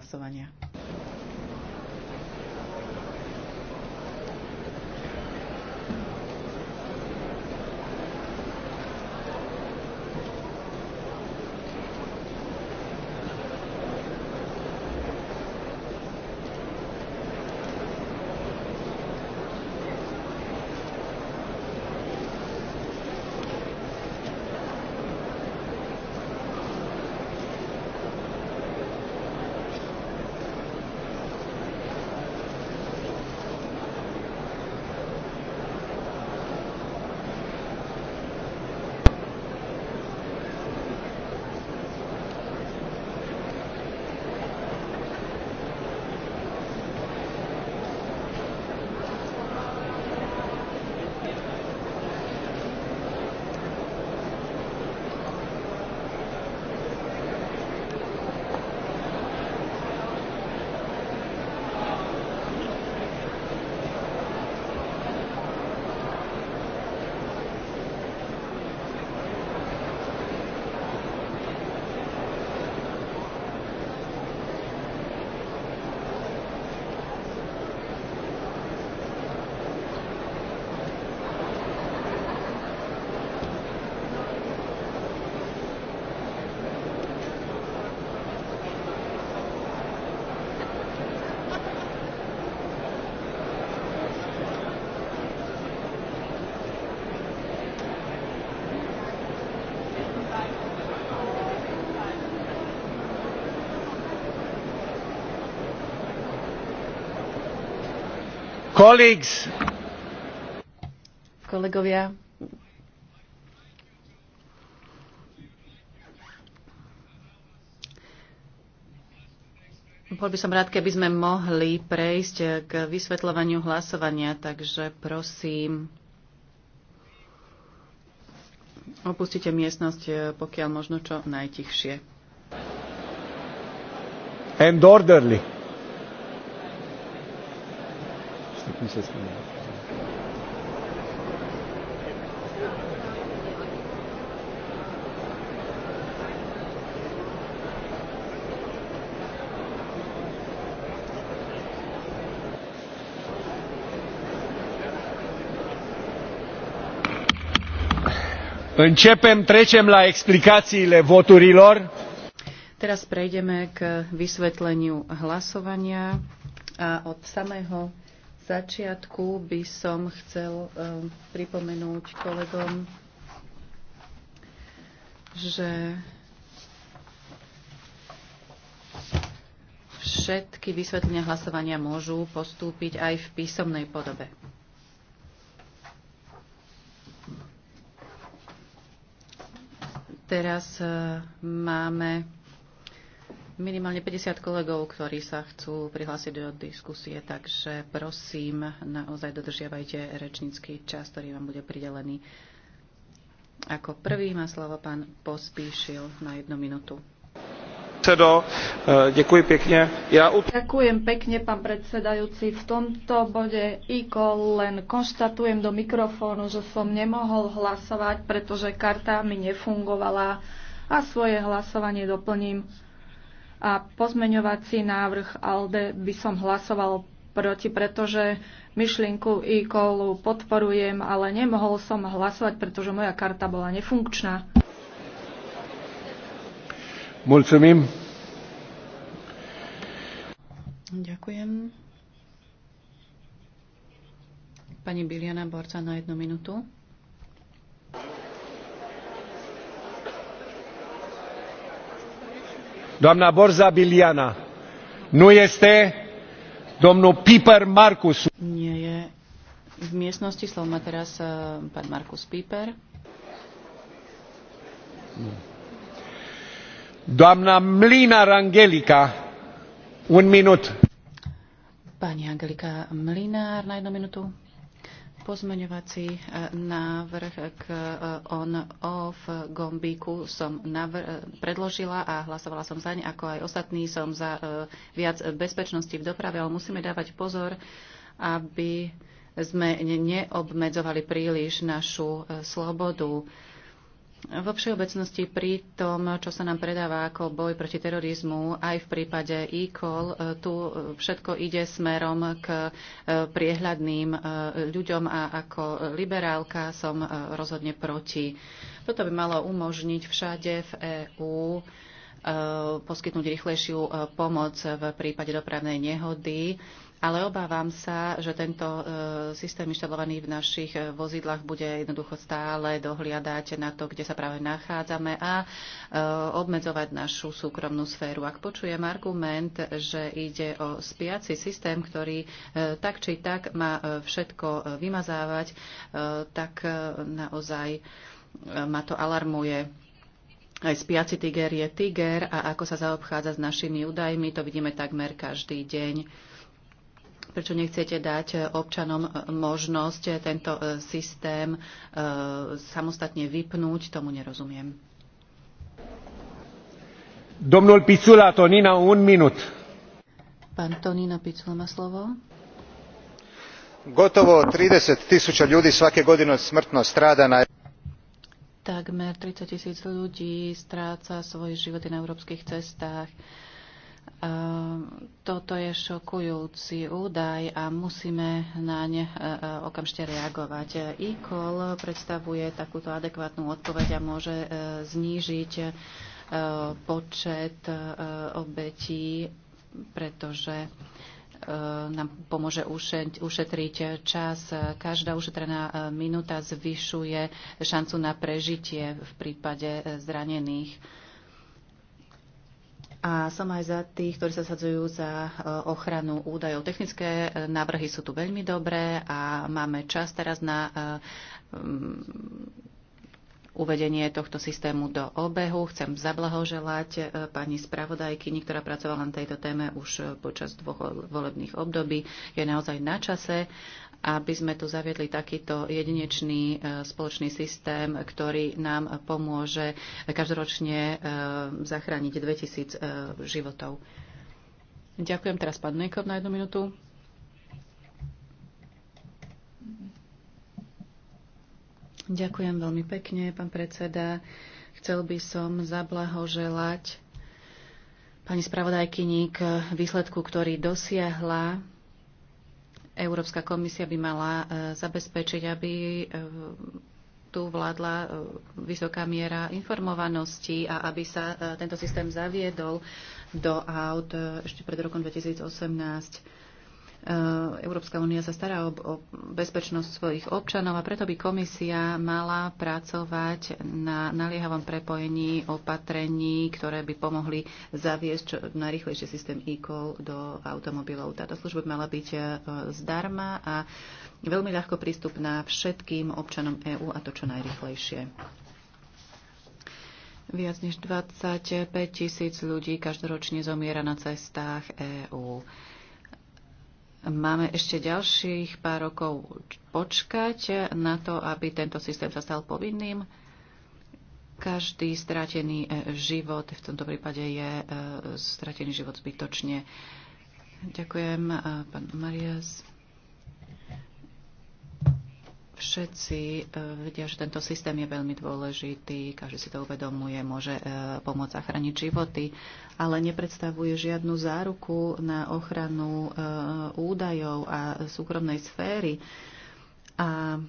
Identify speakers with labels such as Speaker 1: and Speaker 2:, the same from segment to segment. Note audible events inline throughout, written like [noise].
Speaker 1: hlasovania.
Speaker 2: Colleagues.
Speaker 1: Kolegovia, Bol by som rád, keby sme mohli prejsť k vysvetľovaniu hlasovania, takže prosím, opustite miestnosť pokiaľ možno čo najtichšie.
Speaker 3: And
Speaker 2: orderly. Nič mi Începem, trecem la explicațiile voturilor.
Speaker 1: Teraz prejdeme k vysvetleniu hlasovania a od samého začiatku by som chcel eh, pripomenúť kolegom, že všetky vysvetlenia hlasovania môžu postúpiť aj v písomnej podobe. Teraz eh, máme minimálne 50 kolegov, ktorí sa chcú prihlásiť do diskusie, takže prosím, naozaj dodržiavajte rečnícky čas, ktorý vám bude pridelený. Ako prvý má slovo pán Pospíšil na jednu minútu.
Speaker 2: E, ďakujem pekne.
Speaker 3: Ja...
Speaker 4: Ďakujem pekne, pán predsedajúci. V tomto bode IKO len konštatujem do mikrofónu, že som nemohol hlasovať, pretože karta mi nefungovala a svoje hlasovanie doplním a pozmeňovací návrh ALDE by som hlasoval proti, pretože myšlienku e kolu podporujem, ale nemohol som hlasovať, pretože moja karta bola nefunkčná.
Speaker 2: Mulțumim.
Speaker 1: Ďakujem. Pani Biliana Borca na jednu minútu.
Speaker 2: doamna Borza Biliana. Nu este domnul Piper Marcus. Nie je
Speaker 1: v miestnosti, slovo má teraz eh, pán Markus Piper.
Speaker 2: Doamna Mlina Rangelica, un minut.
Speaker 1: Pani Angelika Mlinár na jednu minútu. Pozmeňovací e, návrh k e, on-off gombíku som e, predložila a hlasovala som zaň, ako aj ostatní som za viac bezpečnosti v doprave, ale musíme dávať pozor, aby sme neobmedzovali príliš našu slobodu. Vo všeobecnosti pri tom, čo sa nám predáva ako boj proti terorizmu, aj v prípade e-call, e, tu všetko ide smerom k e, priehľadným e, ľuďom a ako liberálka som rozhodne proti. Toto by malo umožniť všade v EÚ poskytnúť rýchlejšiu pomoc v prípade dopravnej nehody ale obávam sa, že tento e, systém inštalovaný v našich e, vozidlách bude jednoducho stále dohliadať na to, kde sa práve nachádzame a e, obmedzovať našu súkromnú sféru. Ak počujem argument, že ide o spiaci systém, ktorý tak či tak má všetko vymazávať, tak naozaj ma to alarmuje. Aj spiaci tiger je tiger a ako sa zaobchádza s našimi údajmi, to vidíme takmer každý deň Prečo nechcete dať e, občanom e, možnosť e, tento systém samostatne vypnúť? Tomu nerozumiem.
Speaker 2: Domnul Picula, Tonina, un minut.
Speaker 1: Pán Tonina Picula má slovo
Speaker 2: gotovo 30 tisuća ľudí svake godine smrtno stráda na
Speaker 1: takmer 30 tisíc ľudí stráca svoje životy na európskych cestách. Ehm, toto je šokujúci údaj a musíme na ne e, okamžite reagovať. E-call predstavuje takúto adekvátnu odpoveď a môže e, znížiť e, počet obetí, pretože nám pomôže ušetriť čas. Každá ušetrená minúta zvyšuje šancu na prežitie v prípade zranených a som aj za tých, ktorí sa sadzujú za e, ochranu údajov. Technické e, návrhy sú tu veľmi dobré a máme čas teraz na e, mm, uvedenie tohto systému do obehu. Chcem zablahoželať pani spravodajkyni, ktorá pracovala na tejto téme už počas dvoch volebných období. Je naozaj na čase, aby sme tu zaviedli takýto jedinečný e, spoločný systém, ktorý nám pomôže každoročne e, zachrániť 2000 e, životov. Ďakujem teraz pán Nekor na jednu minútu. Ďakujem veľmi pekne, pán predseda. Chcel by som zablahoželať pani spravodajkyni k výsledku, ktorý dosiahla Európska komisia by mala e, zabezpečiť, aby e, tu vládla e, vysoká miera informovanosti a aby sa tento systém zaviedol do aut ešte pred rokom 2018 E, Európska únia sa stará o, o bezpečnosť svojich občanov a preto by komisia mala pracovať na naliehavom prepojení opatrení, ktoré by pomohli zaviesť čo najrychlejšie systém e-call do automobilov. Táto služba mala byť e, zdarma a veľmi ľahko prístupná všetkým občanom EÚ a to čo najrychlejšie. Viac než 25 tisíc ľudí každoročne zomiera na cestách EÚ. Máme ešte ďalších pár rokov počkať na to, aby tento systém sa stal povinným. Každý stratený e, život, v tomto prípade je e, stratený život zbytočne. Ďakujem, e, pán Marias. Všetci eh, vedia, že tento systém je veľmi dôležitý, každý si to uvedomuje, môže eh, pomôcť zachrániť životy, ale nepredstavuje žiadnu záruku na ochranu eh, údajov a súkromnej sféry. A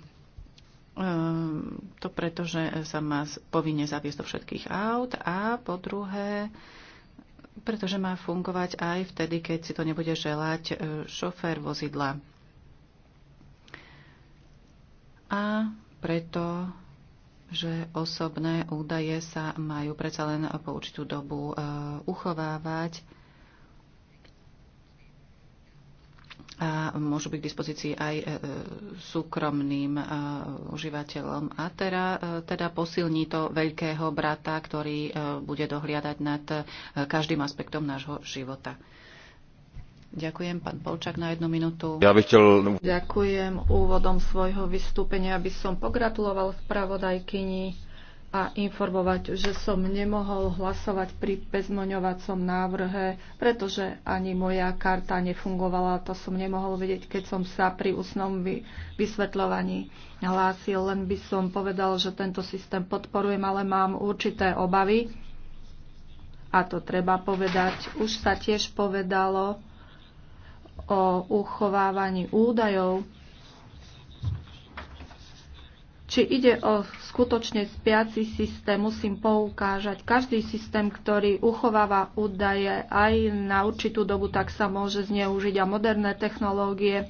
Speaker 1: to preto, že sa má povinne zaviesť do všetkých aut a po druhé, pretože má fungovať aj vtedy, keď si to nebude želať šofér vozidla a preto že osobné údaje sa majú predsa len po určitú dobu e, uchovávať a môžu byť k dispozícii aj e, e, súkromným užívateľom. A teda, teda posilní to veľkého brata, ktorý bude dohliadať nad každým aspektom nášho života. Ďakujem, pán Polčak, na jednu minútu. Ja bych chcel... Ďakujem úvodom
Speaker 4: svojho vystúpenia, aby som pogratuloval spravodajkyni a informovať, že som nemohol hlasovať pri bezmoňovacom návrhe, pretože ani moja karta nefungovala. To som nemohol vedieť, keď som sa pri usnom vysvetľovaní hlásil. Len by som povedal, že tento systém podporujem, ale mám určité obavy. A to treba povedať. Už sa tiež povedalo, o uchovávaní údajov, či ide o skutočne spiaci systém, musím poukážať. Každý systém, ktorý uchováva údaje aj na určitú dobu, tak sa môže zneužiť a moderné technológie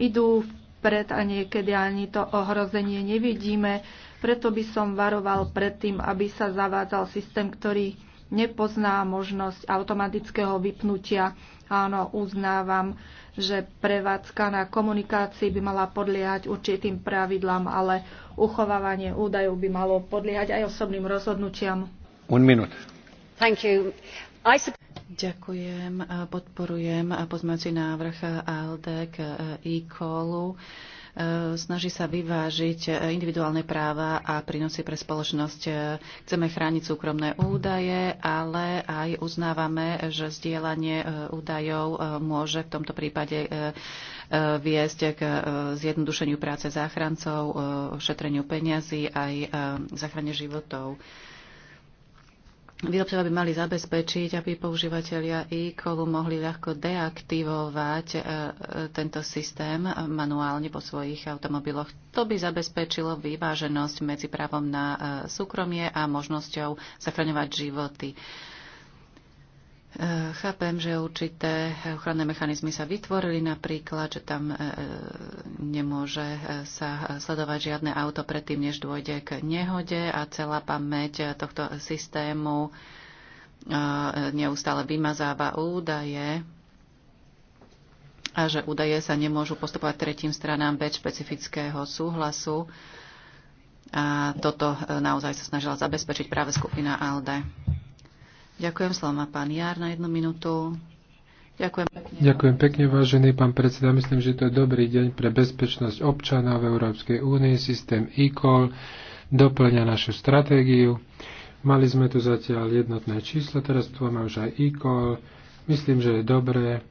Speaker 4: idú vpred a niekedy ani to ohrozenie nevidíme. Preto by som varoval pred tým, aby sa zavádzal systém, ktorý nepozná možnosť automatického vypnutia. Áno, uznávam, že prevádzka na komunikácii by mala podliehať určitým pravidlám, ale uchovávanie údajov by malo podliehať aj osobným rozhodnutiam.
Speaker 2: One minute.
Speaker 1: Thank you. I... Ďakujem, podporujem pozmeňujúci návrh ALD k e, e, e-callu snaží sa vyvážiť individuálne práva a prínosy pre spoločnosť. Chceme chrániť súkromné údaje, ale aj uznávame, že zdieľanie e, údajov e, môže v tomto prípade e, viesť k zjednodušeniu práce záchrancov, šetreniu peňazí aj zachrane životov. Výrobcovia by mali zabezpečiť, aby používateľia e-callu mohli ľahko deaktivovať e, e, tento systém manuálne po svojich automobiloch. To by zabezpečilo vyváženosť medzi právom na e, súkromie a možnosťou zachraňovať životy. Chápem, že určité ochranné mechanizmy sa vytvorili napríklad, že tam e, e, nemôže e, sa sledovať žiadne auto predtým, než dôjde k nehode a celá pamäť tohto systému neustále vymazáva údaje a že údaje sa nemôžu postupovať tretím stranám bez špecifického súhlasu. A toto naozaj sa snažila zabezpečiť práve skupina ALDE. Ďakujem, slova pán Jar na jednu minútu.
Speaker 3: Ďakujem pekne. Ďakujem pekne, vážený pán predseda. Myslím, že to je dobrý deň pre bezpečnosť občanov v Európskej únii. Systém e-call doplňa našu stratégiu. Mali sme tu zatiaľ jednotné číslo, teraz tu máme už aj e-call. Myslím, že je dobré,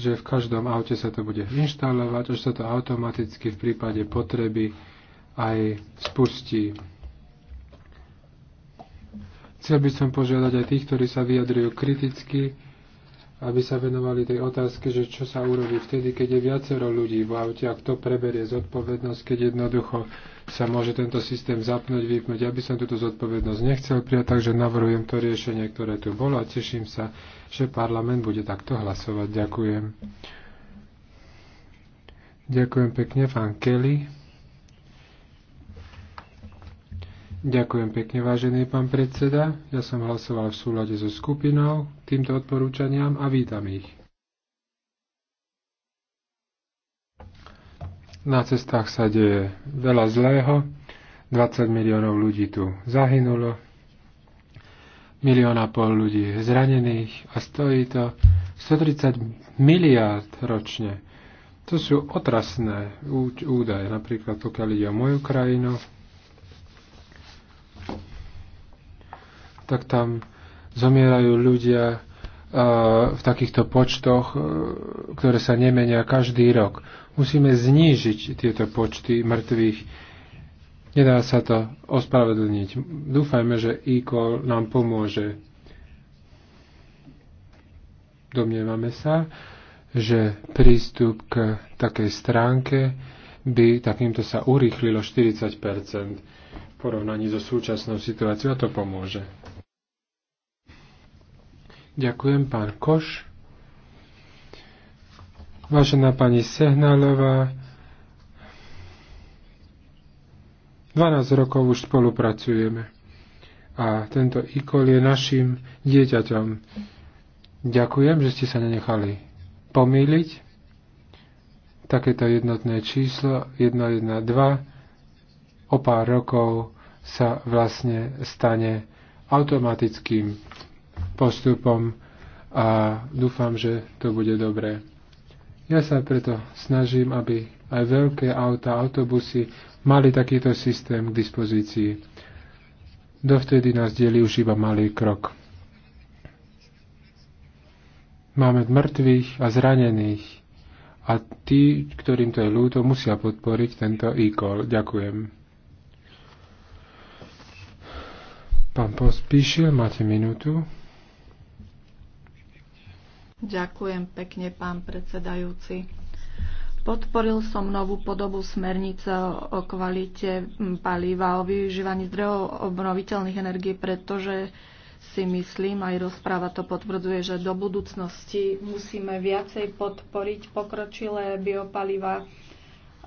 Speaker 3: že v každom aute sa to bude inštalovať, až sa to automaticky v prípade potreby aj spustí. Chcel by som požiadať aj tých, ktorí sa vyjadrujú kriticky, aby sa venovali tej otázke, že čo sa urobí vtedy, keď je viacero ľudí v aute a kto preberie zodpovednosť, keď jednoducho sa môže tento systém zapnúť, vypnúť. Ja by som túto zodpovednosť nechcel prijať, takže navrhujem to riešenie, ktoré tu bolo a teším sa, že parlament bude takto hlasovať. Ďakujem. Ďakujem pekne, pán Kelly. Ďakujem pekne, vážený pán predseda. Ja som hlasoval v súlade so skupinou týmto odporúčaniam a vítam ich. Na cestách sa deje veľa zlého. 20 miliónov ľudí tu zahynulo, milióna pol ľudí zranených a stojí to 130 miliárd ročne. To sú otrasné údaje, napríklad pokiaľ ide o moju krajinu, tak tam zomierajú ľudia e, v takýchto počtoch, e, ktoré sa nemenia každý rok. Musíme znížiť tieto počty mŕtvych. Nedá sa to ospravedlniť. Dúfajme, že e-call nám pomôže. Domnievame sa, že prístup k takej stránke by takýmto sa urýchlilo 40 v porovnaní so súčasnou situáciou a to pomôže. Ďakujem, pán Koš. Vážená pani Sehnalová, 12 rokov už spolupracujeme a tento ikol je našim dieťaťom. Ďakujem, že ste sa nenechali pomýliť. Takéto jednotné číslo 112 o pár rokov sa vlastne stane automatickým postupom a dúfam, že to bude dobré. Ja sa preto snažím, aby aj veľké auta, autobusy mali takýto systém k dispozícii. Dovtedy nás delí už iba malý krok. Máme mŕtvych a zranených a tí, ktorým to je ľúto, musia podporiť tento e-call. Ďakujem. Pán Pospíšil, máte minútu.
Speaker 4: Ďakujem pekne, pán predsedajúci. Podporil som novú podobu smernice o kvalite paliva, o využívaní zdrojov obnoviteľných energií, pretože si myslím, aj rozpráva to potvrdzuje, že do budúcnosti musíme viacej podporiť pokročilé biopaliva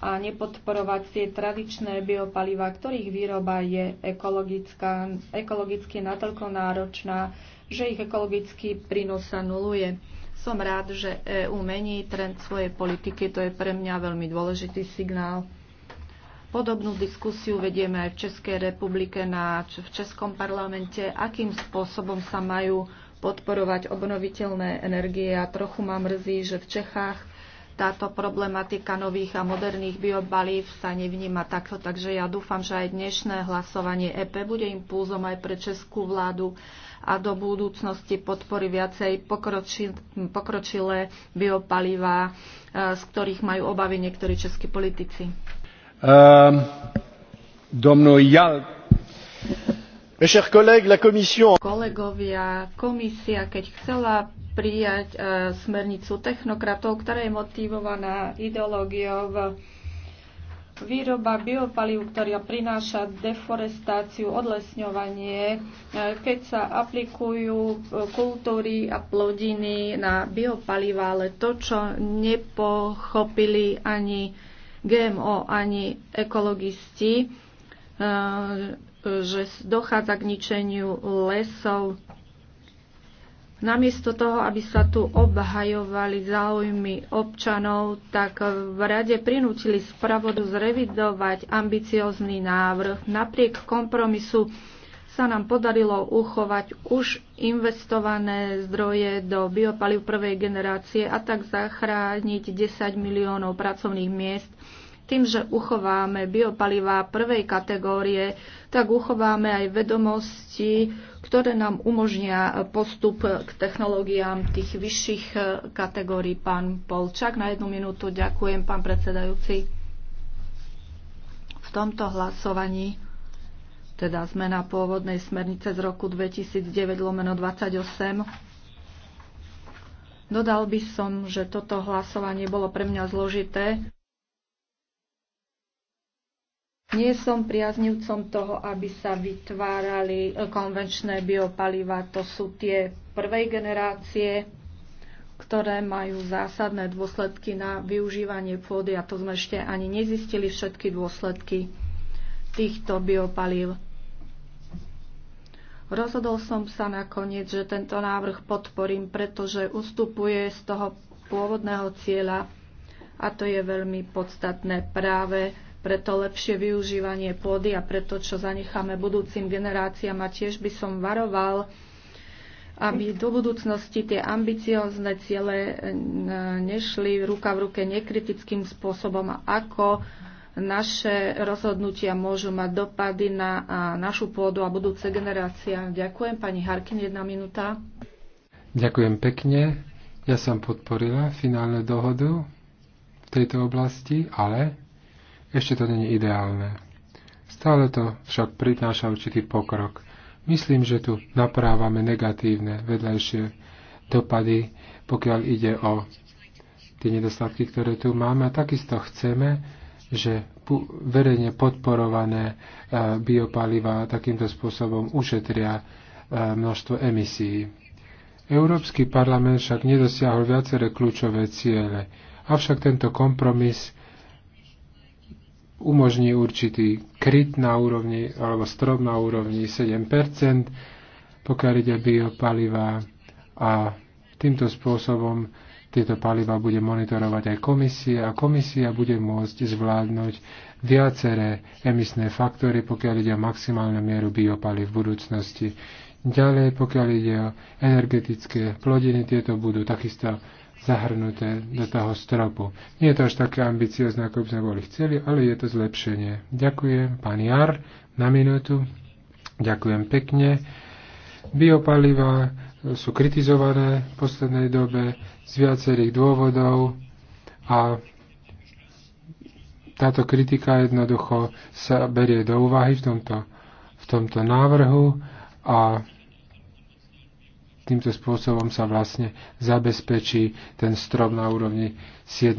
Speaker 4: a nepodporovať tie tradičné biopaliva, ktorých výroba je ekologická, ekologicky natoľko náročná, že ich ekologický prínos sa nuluje. Som rád, že EÚ mení trend svojej politiky, to je pre mňa veľmi dôležitý signál. Podobnú diskusiu vedieme aj v Českej republike, na, v Českom parlamente, akým spôsobom sa majú podporovať obnoviteľné energie. A trochu ma mrzí, že v Čechách táto problematika nových a moderných biobalív sa nevníma takto, takže ja dúfam, že aj dnešné hlasovanie EP bude impulzom aj pre českú vládu a do budúcnosti podpory viacej pokroči, pokročilé biopalivá, e, z ktorých majú obavy niektorí českí politici.
Speaker 2: Um, ehm, domnul Jal... Mes chers collègues, la commission... Kolegovia,
Speaker 4: komisia, keď chcela prijať e, smernicu technokratov, ktorá je motivovaná ideológiou výroba biopalív, ktorá prináša deforestáciu, odlesňovanie, e, keď sa aplikujú e, kultúry a plodiny na biopalíva, ale to, čo nepochopili ani GMO, ani ekologisti, že dochádza k ničeniu lesov Namiesto toho, aby sa tu obhajovali záujmy občanov, tak v rade prinútili spravodu zrevidovať ambiciozný návrh. Napriek kompromisu sa nám podarilo uchovať už investované zdroje do biopaliv prvej generácie a tak zachrániť 10 miliónov pracovných miest tým, že uchováme biopalivá prvej kategórie tak uchováme aj vedomosti, ktoré nám umožnia postup k technológiám tých vyšších eh, kategórií. Pán Polčak, na jednu minútu ďakujem, pán predsedajúci. V tomto hlasovaní teda zmena pôvodnej smernice z roku 2009 lomeno 28. Dodal by som, že toto hlasovanie bolo pre mňa zložité, nie som priaznivcom toho, aby sa vytvárali e, konvenčné biopaliva. To sú tie prvej generácie, ktoré majú zásadné dôsledky na využívanie pôdy a to sme ešte ani nezistili všetky dôsledky týchto biopalív. Rozhodol som sa nakoniec, že tento návrh podporím, pretože ustupuje z toho pôvodného cieľa a to je veľmi podstatné práve preto lepšie využívanie pôdy a preto, čo zanecháme budúcim generáciám. A tiež by som varoval, aby do budúcnosti tie ambiciozne ciele eh, nešli ruka v ruke nekritickým spôsobom, ako naše rozhodnutia môžu mať dopady na našu pôdu a budúce generácia. Ďakujem. Pani Harkin, jedna minúta.
Speaker 3: Ďakujem pekne. Ja som podporila finálnu dohodu v tejto oblasti, ale ešte to není ideálne. Stále to však prináša určitý pokrok. Myslím, že tu naprávame negatívne vedľajšie dopady, pokiaľ ide o tie nedostatky, ktoré tu máme. A takisto chceme, že verejne podporované e, biopaliva takýmto spôsobom ušetria e, množstvo emisí. Európsky parlament však nedosiahol viaceré kľúčové ciele, avšak tento kompromis umožní určitý kryt na úrovni alebo strop na úrovni 7 pokiaľ ide biopaliva a týmto spôsobom tieto paliva bude monitorovať aj komisia a komisia bude môcť zvládnuť viaceré emisné faktory, pokiaľ ide o maximálnu mieru biopaliv v budúcnosti. Ďalej, pokiaľ ide o energetické plodiny, tieto budú takisto zahrnuté do toho stropu. Nie je to až také ambiciozne, ako by sme boli chceli, ale je to zlepšenie. Ďakujem, pán Jar, na minútu. Ďakujem pekne. Biopaliva sú kritizované v poslednej dobe z viacerých dôvodov a táto kritika jednoducho sa berie do úvahy v tomto, v tomto návrhu a týmto spôsobom sa vlastne zabezpečí ten strom na úrovni 7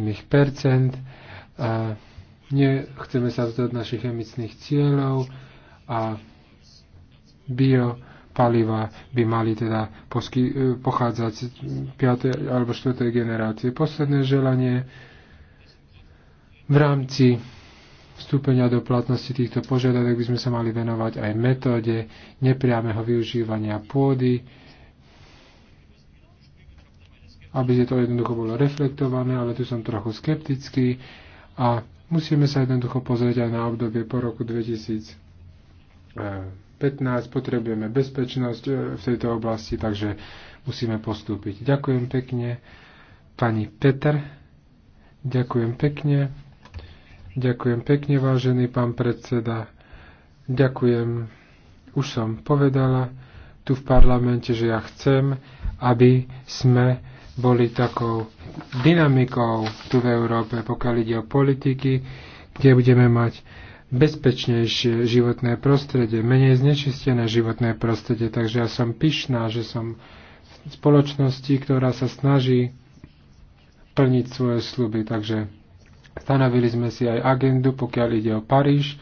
Speaker 3: a Nechceme sa vzdať našich emisných cieľov a biopaliva by mali teda posky, pochádzať z 5. alebo 4. generácie. Posledné želanie v rámci vstúpenia do platnosti týchto požiadavek by sme sa mali venovať aj metóde nepriameho využívania pôdy, aby to jednoducho bolo reflektované, ale tu som trochu skeptický a musíme sa jednoducho pozrieť aj na obdobie po roku 2015. Potrebujeme bezpečnosť eh, v tejto oblasti, takže musíme postúpiť. Ďakujem pekne. Pani Peter, ďakujem pekne. Ďakujem pekne, vážený pán predseda. Ďakujem. Už som povedala tu v parlamente, že ja chcem, aby sme boli takou dynamikou tu v Európe, pokiaľ ide o politiky, kde budeme mať bezpečnejšie životné prostredie, menej znečistené životné prostredie. Takže ja som pyšná, že som v spoločnosti, ktorá sa snaží plniť svoje sluby. Takže stanovili sme si aj agendu, pokiaľ ide o Paríž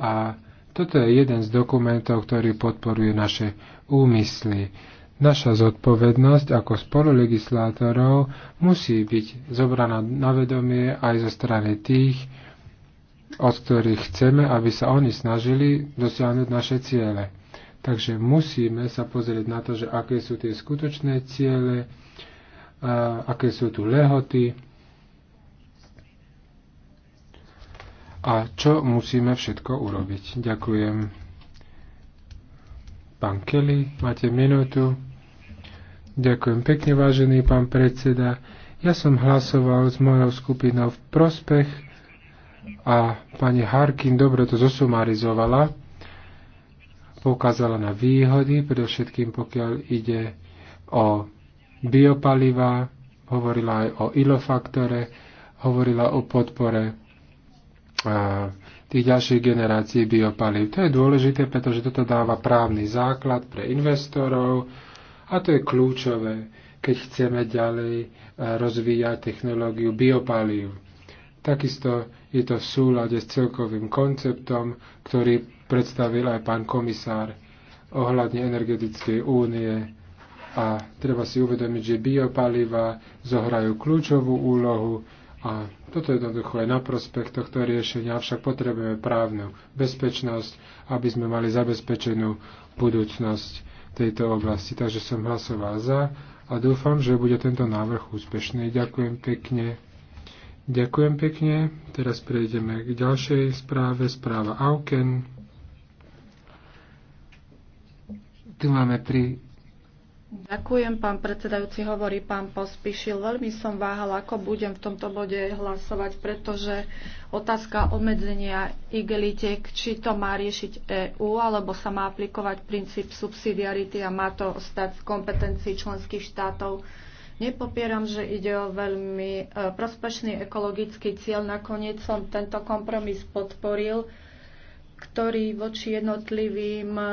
Speaker 3: a toto je jeden z dokumentov, ktorý podporuje naše úmysly. Naša zodpovednosť ako spolulegislátorov musí byť zobraná na vedomie aj zo strany tých, od ktorých chceme, aby sa oni snažili dosiahnuť naše ciele. Takže musíme sa pozrieť na to, že aké sú tie skutočné ciele, aké sú tu lehoty a čo musíme všetko urobiť. Ďakujem. Pán Kelly, máte minútu. Ďakujem pekne, vážený pán predseda. Ja som hlasoval s mojou skupinou v prospech a pani Harkin dobre to zosumarizovala. Poukázala na výhody, predovšetkým pokiaľ ide o biopaliva, hovorila aj o ilofaktore, hovorila o podpore a, tých ďalších generácií biopalív. To je dôležité, pretože toto dáva právny základ pre investorov, a to je kľúčové, keď chceme ďalej e, rozvíjať technológiu biopalív. Takisto je to v súlade s celkovým konceptom, ktorý predstavil aj pán komisár ohľadne energetickej únie. A treba si uvedomiť, že biopaliva zohrajú kľúčovú úlohu a toto jednoducho je na prospech tohto riešenia, avšak potrebujeme právnu bezpečnosť, aby sme mali zabezpečenú budúcnosť tejto oblasti. Takže som hlasoval za a dúfam, že bude tento návrh úspešný. Ďakujem pekne. Ďakujem pekne. Teraz prejdeme k ďalšej správe, správa Auken. Tu máme pri
Speaker 4: Ďakujem, pán predsedajúci, hovorí pán Pospíšil. Veľmi som váhala, ako budem v tomto bode hlasovať, pretože otázka obmedzenia igelitek, či to má riešiť EÚ, alebo sa má aplikovať princíp subsidiarity a má to stať v kompetencii členských štátov. Nepopieram, že ide o veľmi e, prospešný ekologický cieľ. Nakoniec som tento kompromis podporil ktorý voči jednotlivým eh,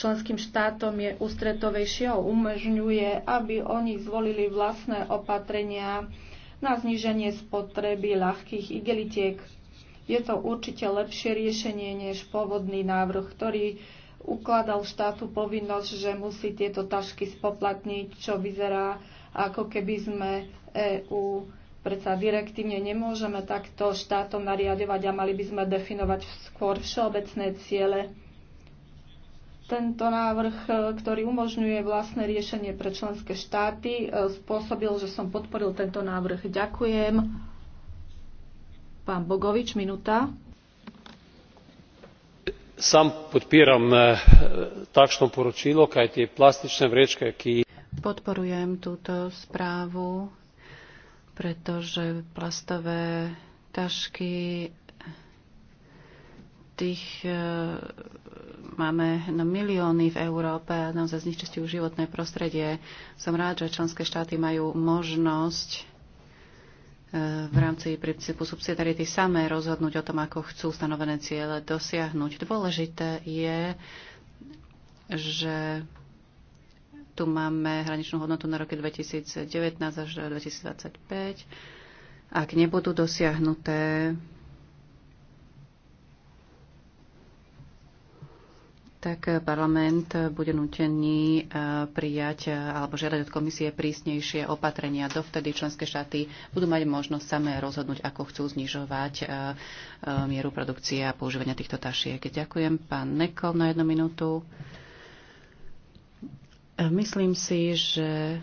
Speaker 4: členským štátom je ústretovejšie a umožňuje, aby oni zvolili vlastné opatrenia na zníženie spotreby ľahkých igelitiek. Je to určite lepšie riešenie než pôvodný návrh, ktorý ukladal štátu povinnosť, že musí tieto tašky spoplatniť, čo vyzerá ako keby sme EÚ Predsa direktívne nemôžeme takto štátom nariadovať a mali by sme definovať skôr všeobecné ciele. Tento návrh, e, ktorý umožňuje vlastné riešenie pre členské štáty, e, spôsobil, že som podporil tento návrh. Ďakujem. Pán Bogovič, minúta.
Speaker 2: Sam podpíram e, takšno poročilo, tie plastičné vrečke, ki...
Speaker 1: Podporujem túto správu pretože plastové tašky tých e, máme no, milióny v Európe a naozaj zničistujú životné prostredie. Som rád, že členské štáty majú možnosť e, v rámci princípu subsidiarity samé rozhodnúť o tom, ako chcú stanovené ciele dosiahnuť. Dôležité je, že tu máme hraničnú hodnotu na roky 2019 až 2025. Ak nebudú dosiahnuté, tak parlament bude nutený e, prijať e, alebo žiadať od komisie prísnejšie opatrenia. Dovtedy členské štáty budú mať možnosť samé rozhodnúť, ako chcú znižovať e, mieru produkcie a používania týchto tašiek. Ďakujem. Pán Nekol na jednu minútu. E, myslím si, že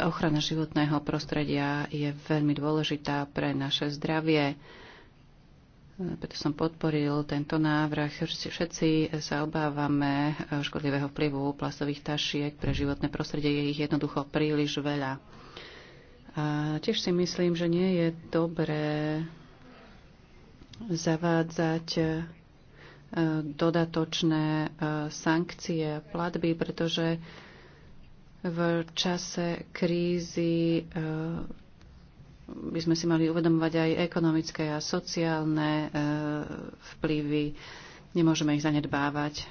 Speaker 1: ochrana životného prostredia je veľmi dôležitá pre naše zdravie. E, preto som podporil tento návrh. Všetci sa obávame e, škodlivého vplyvu plastových tašiek pre životné prostredie. Je ich jednoducho príliš veľa. A tiež si myslím, že nie je dobré zavádzať dodatočné sankcie, platby, pretože v čase krízy eh, by sme si mali uvedomovať aj ekonomické a sociálne eh, vplyvy. Nemôžeme ich zanedbávať.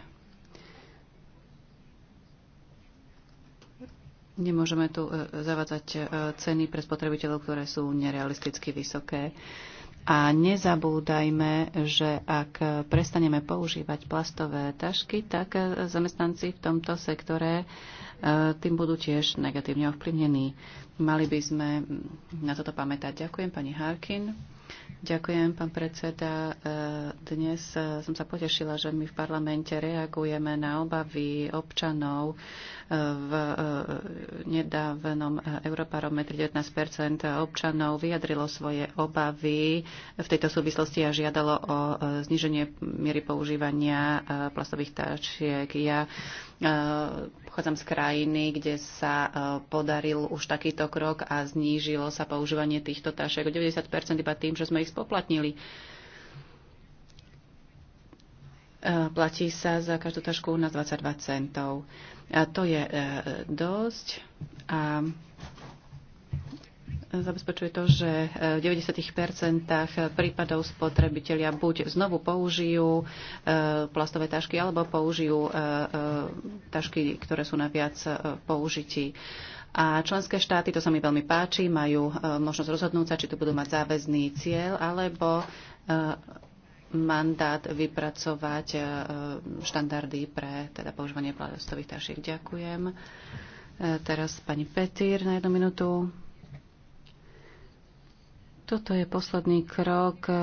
Speaker 1: Nemôžeme tu eh, zavádzať ceny pre spotrebiteľov, ktoré sú nerealisticky vysoké. A nezabúdajme, že ak prestaneme používať plastové tašky, tak zamestnanci v tomto sektore e, tým budú tiež negatívne ovplyvnení. Mali by sme na toto pamätať. Ďakujem pani Harkin. Ďakujem, pán predseda. E, dnes e, som sa potešila, že my v parlamente reagujeme na obavy občanov v eh, nedávnom eh, Eurobarometri 19 občanov vyjadrilo svoje obavy v tejto súvislosti a žiadalo o eh, zniženie miery používania plastových táčiek. Ja pochádzam z krajiny, kde sa podaril už takýto krok a znížilo sa používanie týchto tášek o 90 iba tým, že sme ich spoplatnili. Platí sa za každú tašku na 22 centov. A to je e, dosť a zabezpečuje to, že e, v 90% prípadov spotrebitelia buď znovu použijú e, plastové tašky, alebo použijú tašky, ktoré sú na viac použití. A členské štáty, to sa mi veľmi páči, majú možnosť rozhodnúť sa, či tu budú mať záväzný cieľ, alebo mandát vypracovať e, štandardy pre teda používanie plastových tašiek. Ďakujem. E, teraz pani Petýr na jednu minútu. Toto je posledný krok e,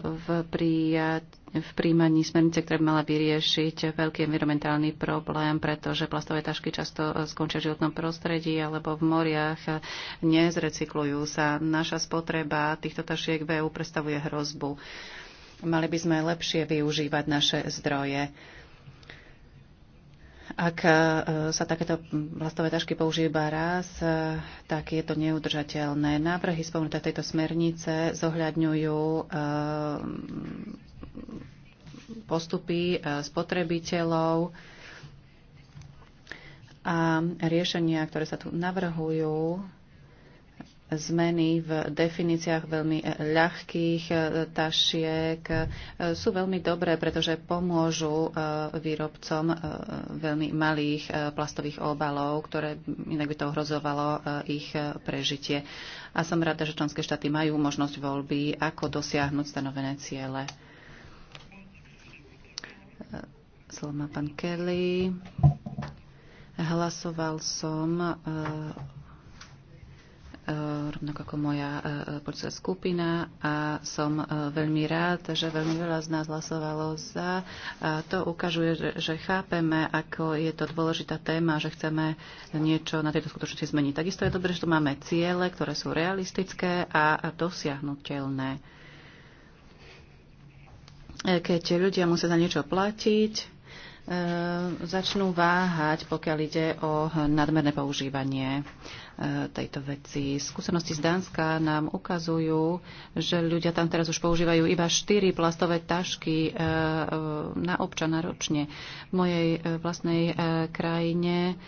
Speaker 1: v, prijat, v príjmaní smernice, ktorá by mala vyriešiť veľký environmentálny problém, pretože plastové tašky často skončia v životnom prostredí alebo v moriach, nezrecyklujú sa. Naša spotreba týchto tašiek v EU predstavuje hrozbu. Mali by sme lepšie využívať naše zdroje. Ak e, sa takéto plastové tašky použijú iba raz, e, tak je to neudržateľné. Návrhy spomenuté tejto smernice zohľadňujú e, postupy spotrebiteľov a riešenia, ktoré sa tu navrhujú, zmeny v definíciách veľmi eh, ľahkých eh, tašiek eh, sú veľmi dobré, pretože pomôžu výrobcom veľmi malých plastových obalov, ktoré hm, inak by to ohrozovalo ich prežitie. A som rada, že členské štáty majú možnosť voľby, ako dosiahnuť stanovené ciele. Slovo má pán Kelly. Hlasoval som E, rovnako ako moja e, e, politická skupina a som veľmi rád, že veľmi veľa z nás hlasovalo za. A to ukazuje, že chápeme, ako je to dôležitá téma, že chceme niečo na tejto skutočnosti zmeniť. Takisto je dobré, že tu máme ciele, ktoré sú realistické a dosiahnutelné. Keď ľudia musia za niečo platiť, Ehm, začnú váhať, pokiaľ ide o nadmerné používanie ehm, tejto veci. Skúsenosti z Dánska nám ukazujú, že ľudia tam teraz už používajú iba 4 plastové tašky ehm, na občana ročne. V mojej vlastnej krajine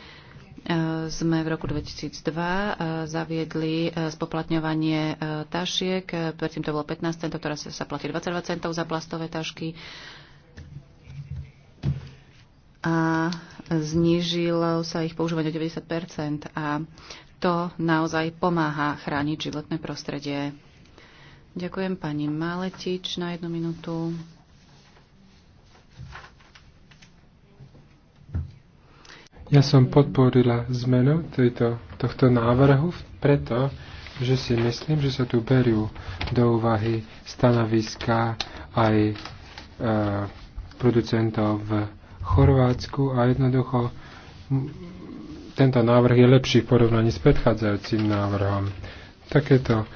Speaker 1: sme v roku 2002 zaviedli spoplatňovanie tašiek. Predtým to bolo 15 centov, teraz sa platí 22 centov za plastové tašky a znížilo sa ich používanie o 90 a to naozaj pomáha chrániť životné prostredie. Ďakujem pani Maletič na jednu minútu.
Speaker 3: Ja som podporila zmenu tejto, tohto návrhu preto, že si myslím, že sa tu berú do úvahy stanoviska aj e, producentov v Chorvátsku a jednoducho tento návrh je lepší v porovnaní s predchádzajúcim návrhom. Takéto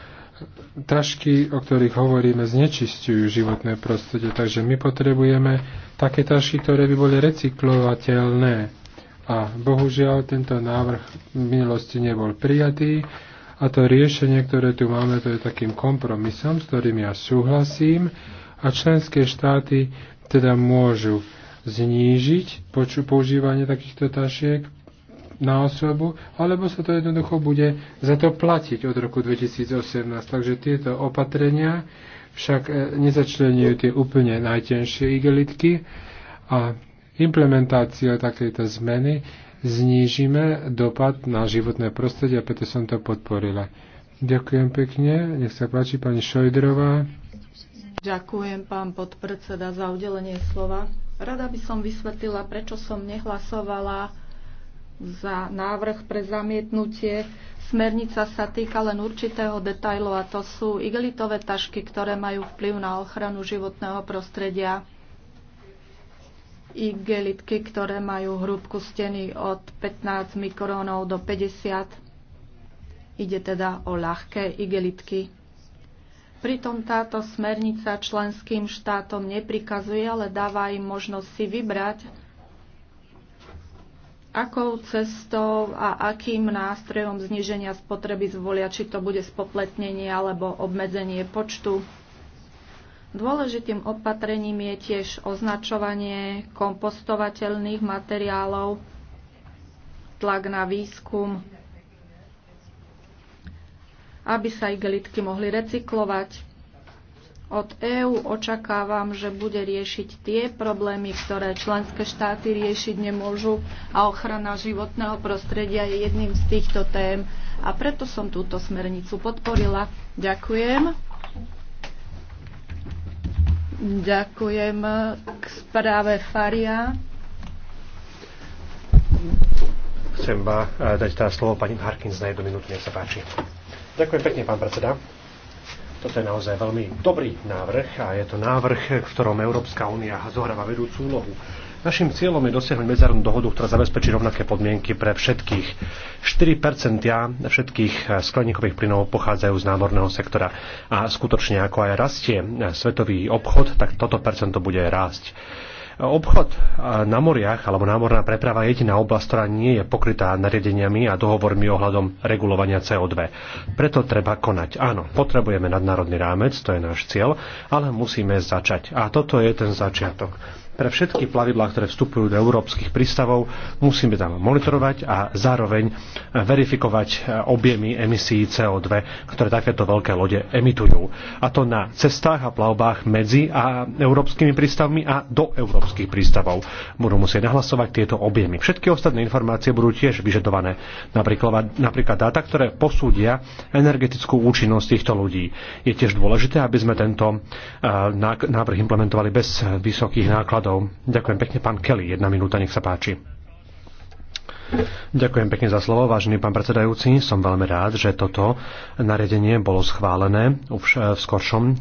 Speaker 3: tašky, o ktorých hovoríme, znečistujú životné prostredie, takže my potrebujeme také tašky, ktoré by boli recyklovateľné. A bohužiaľ tento návrh v minulosti nebol prijatý a to riešenie, ktoré tu máme, to je takým kompromisom, s ktorým ja súhlasím a členské štáty teda môžu znížiť poču, používanie takýchto tašiek na osobu, alebo sa to jednoducho bude za to platiť od roku 2018. Takže tieto opatrenia však e, nezačlenujú tie úplne najtenšie igelitky a implementácia takejto zmeny znížime dopad na životné prostredie a preto som to podporila. Ďakujem pekne. Nech sa páči pani Šojdrová.
Speaker 4: Ďakujem pán podpredseda za udelenie slova. Rada by som vysvetlila, prečo som nehlasovala za návrh pre zamietnutie. Smernica sa týka len určitého detailu a to sú igelitové tašky, ktoré majú vplyv na ochranu životného prostredia. Igelitky, ktoré majú hrúbku steny od 15 mikrónov do 50. Ide teda o ľahké igelitky. Pritom táto smernica členským štátom neprikazuje, ale dáva im možnosť si vybrať, akou cestou a akým nástrojom zníženia spotreby zvolia, či to bude spopletnenie alebo obmedzenie počtu. Dôležitým opatrením je tiež označovanie kompostovateľných materiálov, tlak na výskum aby sa igelitky mohli recyklovať. Od EÚ očakávam, že bude riešiť tie problémy, ktoré členské štáty riešiť nemôžu a ochrana životného prostredia je jedným z týchto tém a preto som túto smernicu podporila. Ďakujem. Ďakujem k správe Faria.
Speaker 2: Chcem ba, eh, dať teraz slovo pani Harkins na jednu minútu, nech sa páči. Ďakujem pekne, pán predseda. Toto je naozaj veľmi dobrý návrh a je to návrh, v ktorom Európska únia zohráva vedúcu úlohu. Našim cieľom je dosiahnuť medzárodnú dohodu, ktorá zabezpečí rovnaké podmienky pre všetkých. 4% všetkých skleníkových plynov pochádzajú z námorného sektora. A skutočne, ako aj rastie svetový obchod, tak toto percento bude rásť. Obchod na moriach alebo námorná preprava je jediná oblasť, ktorá nie je pokrytá nariadeniami a dohovormi ohľadom regulovania CO2. Preto treba konať. Áno, potrebujeme nadnárodný rámec, to je náš cieľ, ale musíme začať. A toto je ten začiatok pre všetky plavidlá, ktoré vstupujú do európskych prístavov, musíme tam monitorovať a zároveň eh, verifikovať eh, objemy emisí CO2, ktoré takéto veľké lode emitujú. A to na cestách a plavbách medzi a eh, európskymi prístavmi a do európskych prístavov. Budú musieť nahlasovať tieto objemy. Všetky ostatné informácie budú tiež vyžadované. Napríklad, napríklad dáta, ktoré posúdia energetickú účinnosť týchto ľudí. Je tiež dôležité, aby sme tento návrh implementovali bez vysokých nákladov príkladov. Ďakujem pekne, pán Kelly. Jedna minúta, nech sa páči. Ďakujem pekne za slovo, vážený pán predsedajúci. Som veľmi rád, že toto nariadenie bolo schválené už e, v skoršom e,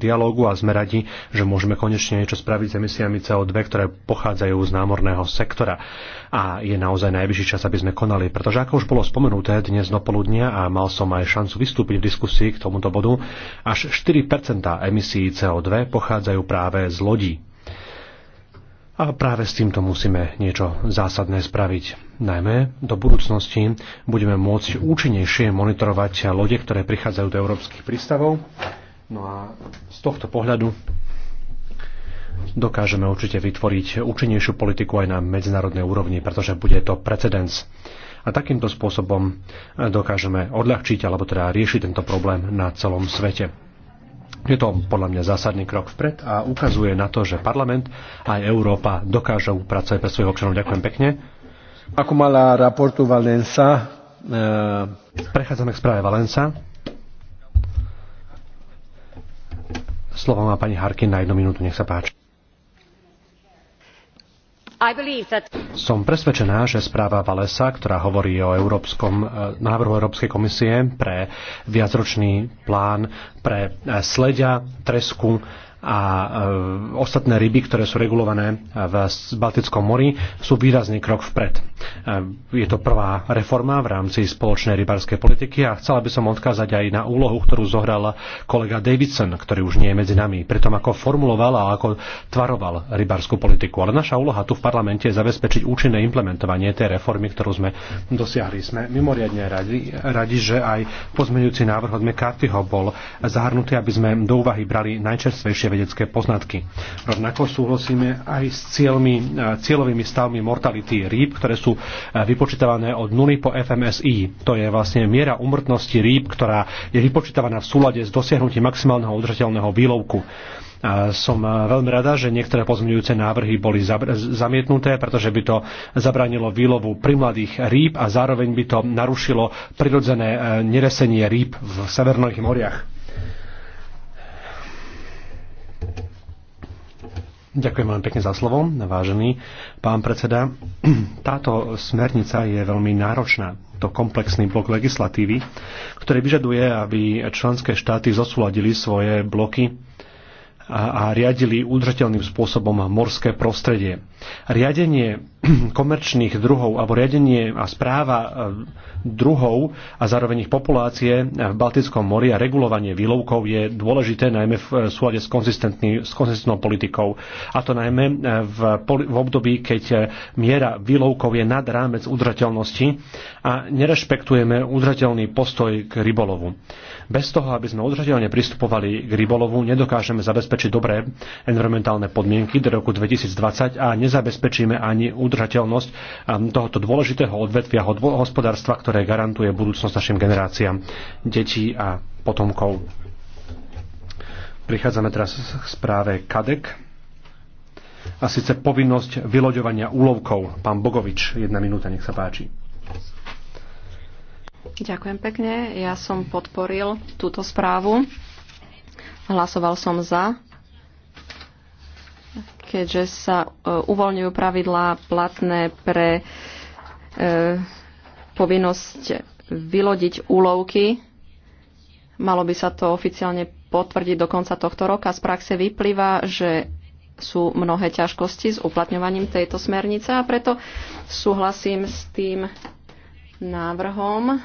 Speaker 2: dialogu a sme radi, že môžeme konečne niečo spraviť s emisiami CO2, ktoré pochádzajú z námorného sektora. A je naozaj najvyšší čas, aby sme konali, pretože ako už bolo spomenuté dnes do poludnia a mal som aj šancu vystúpiť v diskusii k tomuto bodu, až 4 emisí CO2 pochádzajú práve z lodí a práve s týmto musíme niečo zásadné spraviť. Najmä do budúcnosti budeme môcť účinnejšie monitorovať lode, ktoré prichádzajú do európskych prístavov. No a z tohto pohľadu dokážeme určite vytvoriť účinnejšiu politiku aj na medzinárodnej úrovni, pretože bude to precedens. A takýmto spôsobom dokážeme odľahčiť alebo teda riešiť tento problém na celom svete. Je to podľa mňa zásadný krok vpred a ukazuje na to, že parlament aj Európa dokážu pracovať pre svojich občanov. Ďakujem pekne. Ako mala raportu Valensa. E... Prechádzame k správe Valensa. Slovo má pani Harkin na jednu minútu, nech sa páči. Som presvedčená, že správa Valesa, ktorá hovorí o európskom, e, návrhu Európskej komisie pre viacročný plán pre e, sledia, tresku a e, ostatné ryby, ktoré sú regulované v Baltickom mori, sú výrazný krok vpred. Ehm, je to prvá reforma v rámci spoločnej rybárskej politiky a chcela by som odkázať aj na úlohu, ktorú zohral kolega Davidson, ktorý už nie je medzi nami, pri tom ako formuloval a ako tvaroval rybárskú politiku. Ale naša úloha tu v parlamente je zabezpečiť účinné implementovanie tej reformy, ktorú sme dosiahli. Sme mimoriadne radi, radi že aj pozmeňujúci návrh od McCarthyho bol zahrnutý, aby sme do úvahy brali najčerstvejšie vedecké poznatky. Rovnako súhlasíme aj s cieľmi, cieľovými stavmi mortality rýb, ktoré sú sú eh, vypočítavané od nuly po FMSI. To je vlastne miera umrtnosti rýb, ktorá je vypočítavaná v súlade s dosiahnutím maximálneho udržateľného výlovku. Som eh, veľmi rada, že niektoré pozmeňujúce návrhy boli zamietnuté, pretože by to zabránilo výlovu primladých rýb a zároveň by to narušilo prirodzené eh, neresenie rýb v severných moriach. Ďakujem veľmi pekne za slovo, vážený pán predseda. [clears throat] Táto smernica je veľmi náročná. To komplexný blok legislatívy, ktorý vyžaduje, aby členské štáty zosúladili svoje bloky a, a riadili udržateľným spôsobom morské prostredie riadenie [clears throat] komerčných druhov alebo riadenie a správa e, druhov a zároveň ich populácie v Baltickom mori a regulovanie výlovkov je dôležité najmä v e, súlade s, s konzistentnou politikou. A to najmä e, v, v období, keď miera výlovkov je nad rámec udržateľnosti a nerešpektujeme udržateľný postoj k rybolovu. Bez toho, aby sme udržateľne pristupovali k rybolovu, nedokážeme zabezpečiť dobré environmentálne podmienky do roku 2020 a nez nezabezpečíme ani udržateľnosť um, tohoto dôležitého odvetvia hospodárstva, ktoré garantuje budúcnosť našim generáciám detí a potomkov. Prichádzame teraz k správe KADEK a síce povinnosť vyloďovania úlovkov. Pán Bogovič, jedna minúta, nech sa páči.
Speaker 5: Ďakujem pekne. Ja som podporil túto správu. Hlasoval som za keďže sa e, uvoľňujú pravidlá platné pre e, povinnosť vylodiť úlovky. Malo by sa to oficiálne potvrdiť do konca tohto roka. Z praxe vyplýva, že sú mnohé ťažkosti s uplatňovaním tejto smernice a preto súhlasím s tým návrhom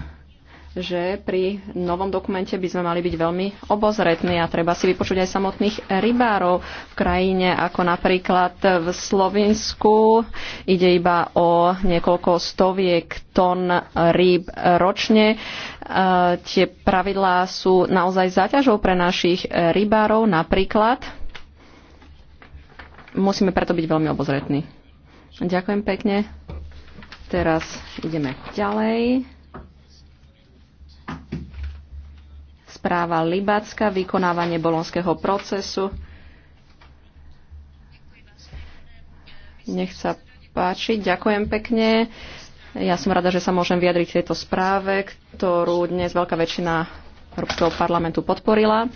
Speaker 5: že pri novom dokumente by sme mali byť veľmi obozretní a treba si vypočuť aj samotných rybárov v krajine, ako napríklad v Slovensku. Ide iba o niekoľko stoviek tón rýb ročne. E, tie pravidlá sú naozaj zaťažou pre našich rybárov napríklad. Musíme preto byť veľmi obozretní. Ďakujem pekne. Teraz ideme ďalej. Správa Libacka, vykonávanie bolonského procesu. Nech sa páči. Ďakujem pekne. Ja som rada, že sa môžem vyjadriť k tejto správe, ktorú dnes veľká väčšina Európskeho parlamentu podporila.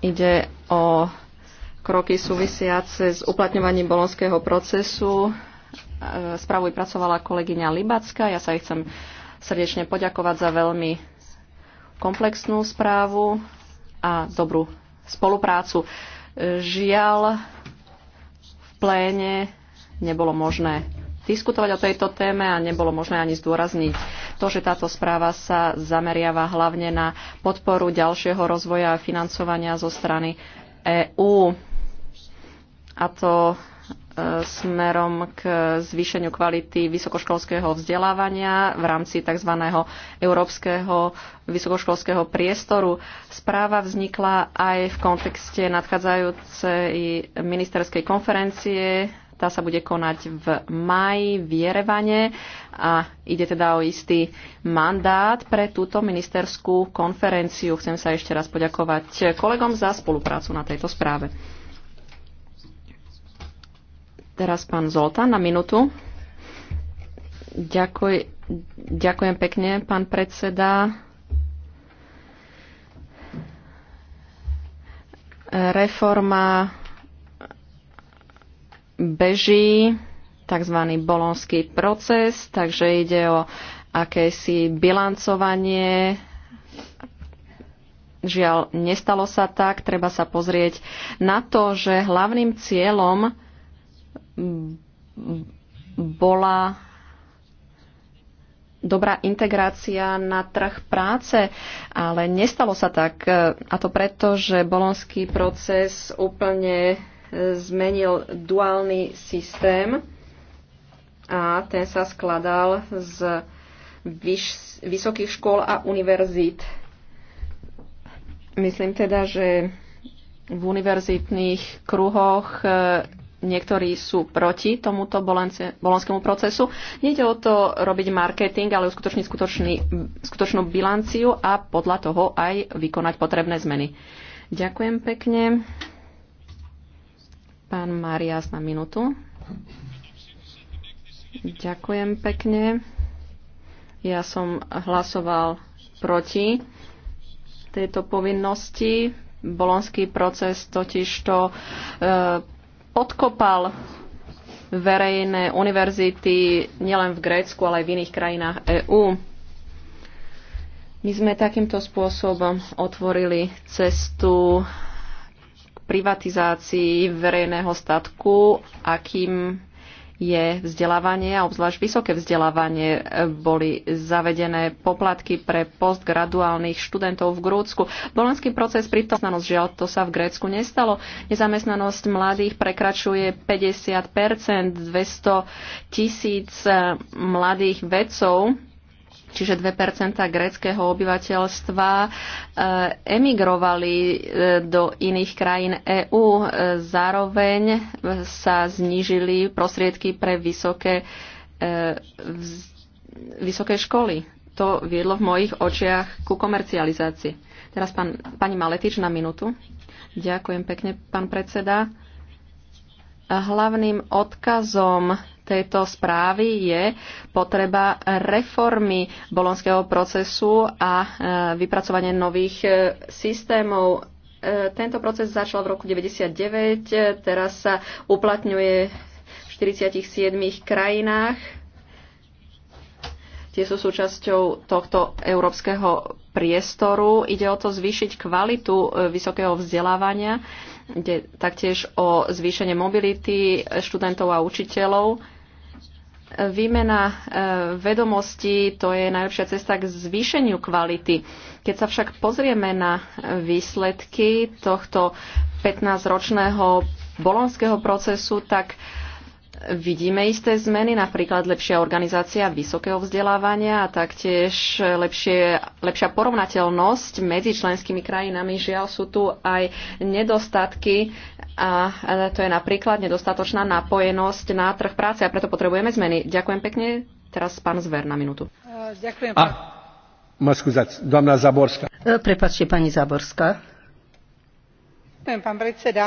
Speaker 5: Ide o kroky súvisiace s uplatňovaním bolonského procesu. E, správu pracovala kolegyňa Libacka. Ja sa jej chcem srdečne poďakovať za veľmi komplexnú správu a dobrú spoluprácu. Žiaľ, v pléne nebolo možné diskutovať o tejto téme a nebolo možné ani zdôrazniť to, že táto správa sa zameriava hlavne na podporu ďalšieho rozvoja a financovania zo strany EÚ. A to E, smerom k zvýšeniu kvality vysokoškolského vzdelávania v rámci tzv. európskeho vysokoškolského priestoru. Správa vznikla aj v kontekste nadchádzajúcej ministerskej konferencie. Tá sa bude konať v maji v Jerevane a ide teda o istý mandát pre túto ministerskú konferenciu. Chcem sa ešte raz poďakovať kolegom za spoluprácu na tejto správe. Teraz pán Zoltán na minútu. Ďakuj, ďakujem pekne, pán predseda. Reforma beží, tzv. bolonský proces, takže ide o akési bilancovanie Žiaľ, nestalo sa tak. Treba sa pozrieť na to, že hlavným cieľom bola dobrá integrácia na trh práce, ale nestalo sa tak. A to preto, že bolonský proces úplne zmenil duálny systém a ten sa skladal z vyš- vysokých škôl a univerzít. Myslím teda, že v univerzitných kruhoch niektorí sú proti tomuto bolonskému procesu. Nejde o to robiť marketing, ale uskutočniť skutočný, skutočnú bilanciu a podľa toho aj vykonať potrebné zmeny. Ďakujem pekne. Pán Marias na minútu. Ďakujem pekne. Ja som hlasoval proti tejto povinnosti. Bolonský proces totižto e, odkopal verejné univerzity nielen v Grécku, ale aj v iných krajinách EÚ. My sme takýmto spôsobom otvorili cestu k privatizácii verejného statku, akým je vzdelávanie a obzvlášť vysoké vzdelávanie. Boli zavedené poplatky pre postgraduálnych študentov v Grúcku. Bolenský proces pritom žiaľ, to sa v Grécku nestalo. Nezamestnanosť mladých prekračuje 50 200 tisíc eh, mladých vedcov čiže 2 gréckého obyvateľstva e, emigrovali e, do iných krajín EÚ. E, zároveň sa znížili prostriedky pre vysoké, vysoké školy. To viedlo v mojich očiach ku komercializácii. Teraz pán, pani Maletič na minútu. Ďakujem pekne, pán predseda hlavným odkazom tejto správy je potreba reformy bolonského procesu a e, vypracovanie nových e, systémov. E, tento proces začal v roku 1999, teraz sa uplatňuje v 47 krajinách. Tie sú súčasťou tohto európskeho priestoru. Ide o to zvýšiť kvalitu e, vysokého vzdelávania, ide taktiež o zvýšenie mobility študentov a učiteľov. E, výmena e, vedomostí to je najlepšia cesta k zvýšeniu kvality. Keď sa však pozrieme na výsledky tohto 15-ročného bolonského procesu, tak uh, vidíme isté zmeny, napríklad lepšia organizácia vysokého vzdelávania a taktiež lepšie, lepšia porovnateľnosť medzi členskými krajinami. Žiaľ, sú tu aj nedostatky a to je napríklad nedostatočná napojenosť na trh práce a preto potrebujeme zmeny. Ďakujem pekne. Teraz pán Zver na minútu.
Speaker 6: E, ďakujem. A,
Speaker 3: skúzať, dámna Zaborská. E,
Speaker 6: prepačte, pani Zaborská.
Speaker 7: Ďakujem, pán predseda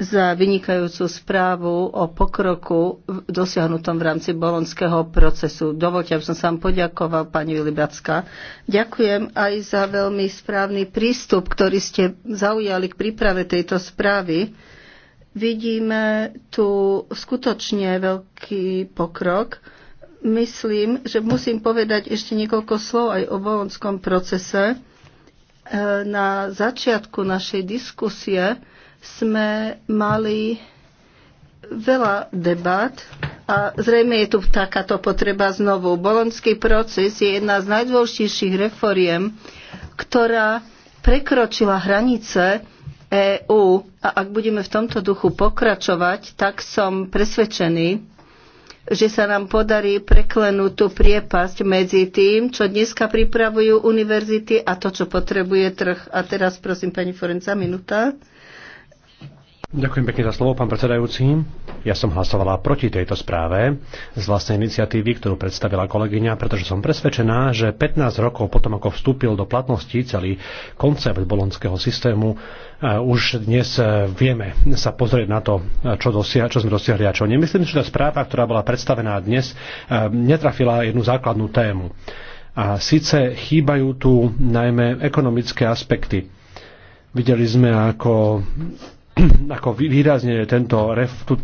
Speaker 6: za vynikajúcu správu o pokroku v dosiahnutom v rámci bolonského procesu. Dovolte, aby som sa vám poďakoval, pani Vilibacka. Ďakujem aj za veľmi správny prístup, ktorý ste zaujali k príprave tejto správy. Vidíme tu skutočne veľký pokrok. Myslím, že musím povedať ešte niekoľko slov aj o bolonskom procese. E, na začiatku našej diskusie sme mali veľa debat a zrejme je tu takáto potreba znovu. Bolonský proces je jedna z najdôležitejších reforiem, ktorá prekročila hranice EÚ a ak budeme v tomto duchu pokračovať, tak som presvedčený, že sa nám podarí preklenúť tú priepasť medzi tým, čo dneska pripravujú univerzity a to, čo potrebuje trh. A teraz prosím, pani Forenca, minúta.
Speaker 2: Ďakujem pekne za slovo, pán predsedajúci. Ja som hlasovala proti tejto správe z vlastnej iniciatívy, ktorú predstavila kolegyňa, pretože som presvedčená, že 15 rokov potom, ako vstúpil do platnosti celý koncept bolonského systému, e, už dnes e, vieme sa pozrieť na to, čo, dosia- čo sme dosiahli a čo. Nemyslím, že tá správa, ktorá bola predstavená dnes, e, netrafila jednu základnú tému. A síce chýbajú tu najmä ekonomické aspekty. Videli sme, ako [clears throat] ako výrazne tento,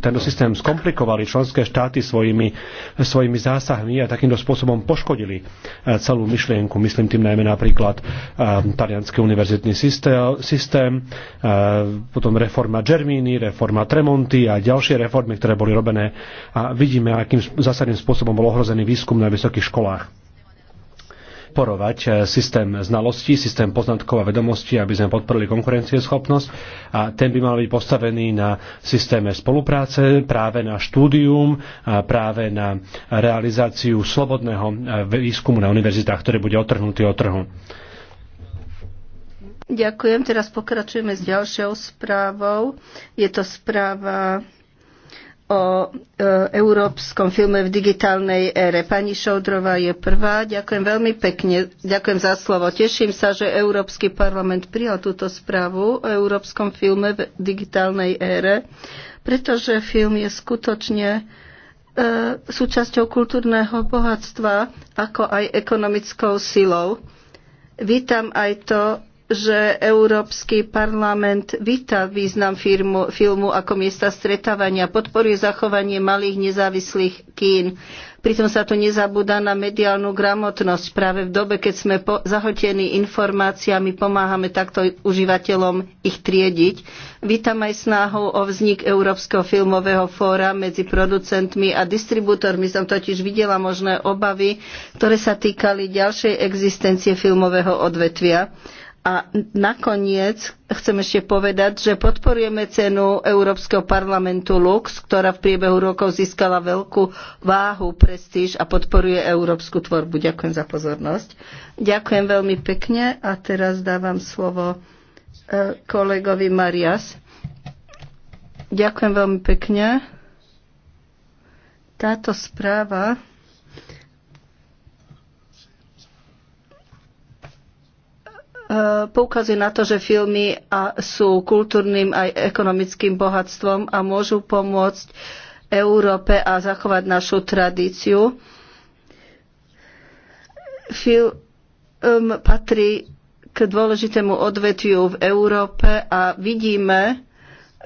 Speaker 2: tento systém skomplikovali členské štáty svojimi, svojimi zásahmi a takýmto spôsobom poškodili e, celú myšlienku. Myslím tým najmä napríklad e, talianský univerzitný systém, e, potom reforma Germíny, reforma Tremonti a ďalšie reformy, ktoré boli robené a vidíme, akým zásadným spôsobom bol ohrozený výskum na vysokých školách podporovať eh, systém znalostí, systém poznatkov a vedomostí, aby sme podporili konkurencieschopnosť a ten by mal byť postavený na systéme spolupráce, práve na štúdium, a práve na realizáciu slobodného eh, výskumu na univerzitách, ktorý bude otrhnutý od trhu.
Speaker 6: Ďakujem. Teraz pokračujeme s ďalšou správou. Je to správa o e, európskom filme v digitálnej ére. Pani Šoudrová je prvá. Ďakujem veľmi pekne. Ďakujem za slovo. Teším sa, že Európsky parlament prijal túto správu o európskom filme v digitálnej ére, pretože film je skutočne e, súčasťou kultúrneho bohatstva, ako aj ekonomickou silou. Vítam aj to, že Európsky parlament víta význam firmu, filmu ako miesta stretávania, podporuje zachovanie malých nezávislých kín. Pritom sa tu nezabúda na mediálnu gramotnosť. Práve v dobe, keď sme po- informáciami, pomáhame takto užívateľom ich triediť. Vítam aj snahu o vznik Európskeho filmového fóra medzi producentmi a distribútormi. Som totiž videla možné obavy, ktoré sa týkali ďalšej existencie filmového odvetvia. A nakoniec chcem ešte povedať, že podporujeme cenu Európskeho parlamentu Lux, ktorá v priebehu rokov získala veľkú váhu, prestíž a podporuje európsku tvorbu. Ďakujem za pozornosť. Ďakujem veľmi pekne a teraz dávam slovo e, kolegovi Marias. Ďakujem veľmi pekne. Táto správa Eh, poukazuje na to, že filmy sú kultúrnym aj ekonomickým bohatstvom a môžu pomôcť Európe a zachovať našu tradíciu. Film patrí k dôležitému odvetviu v Európe a vidíme,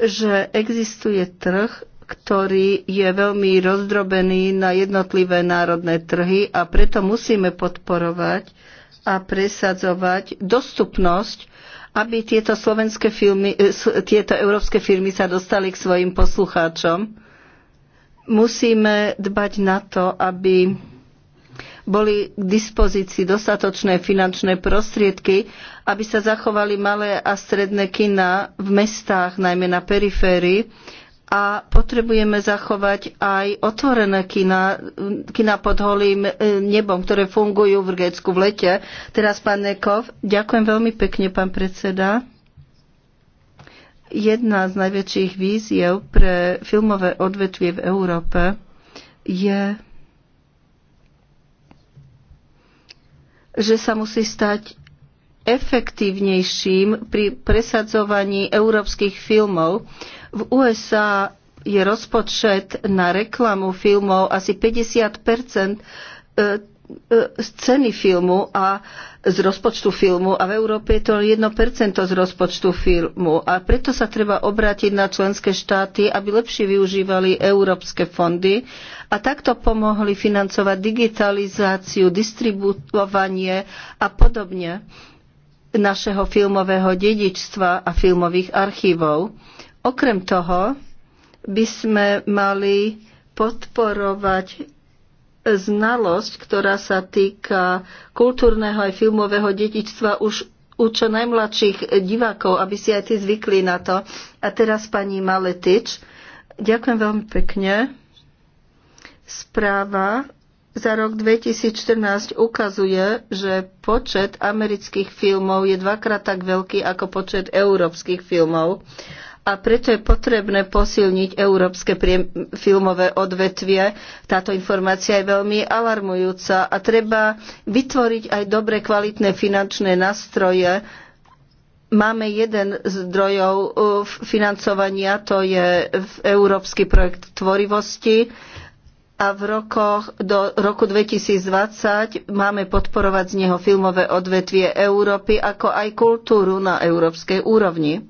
Speaker 6: že existuje trh, ktorý je veľmi rozdrobený na jednotlivé národné trhy a preto musíme podporovať a presadzovať dostupnosť, aby tieto, slovenské filmy, eh, tieto európske firmy sa dostali k svojim poslucháčom. Musíme dbať na to, aby boli k dispozícii dostatočné finančné prostriedky, aby sa zachovali malé a stredné kina v mestách, najmä na periférii, a potrebujeme zachovať aj otvorené kina, kina pod holým e, nebom, ktoré fungujú v Grécku v lete. Teraz pán Nekov, ďakujem veľmi pekne, pán predseda. Jedna z najväčších víziev pre filmové odvetvie v Európe je že sa musí stať efektívnejším pri presadzovaní európskych filmov. V USA je rozpočet na reklamu filmov asi 50 e, e, z ceny filmu a z rozpočtu filmu a v Európe je to 1% z rozpočtu filmu a preto sa treba obrátiť na členské štáty, aby lepšie využívali európske fondy a takto pomohli financovať digitalizáciu, distribuovanie a podobne našeho filmového dedičstva a filmových archívov. Okrem toho by sme mali podporovať znalosť, ktorá sa týka kultúrneho aj filmového dedičstva už u čo najmladších divákov, aby si aj tí zvykli na to. A teraz pani Maletič. Ďakujem veľmi pekne. Správa za rok 2014 ukazuje, že počet amerických filmov je dvakrát tak veľký ako počet európskych filmov a preto je potrebné posilniť európske filmové odvetvie. Táto informácia je veľmi alarmujúca a treba vytvoriť aj dobre kvalitné finančné nástroje. Máme jeden z zdrojov uh, financovania, to je Európsky projekt tvorivosti a v rokoch do roku 2020 máme podporovať z neho filmové odvetvie Európy, ako aj kultúru na európskej úrovni.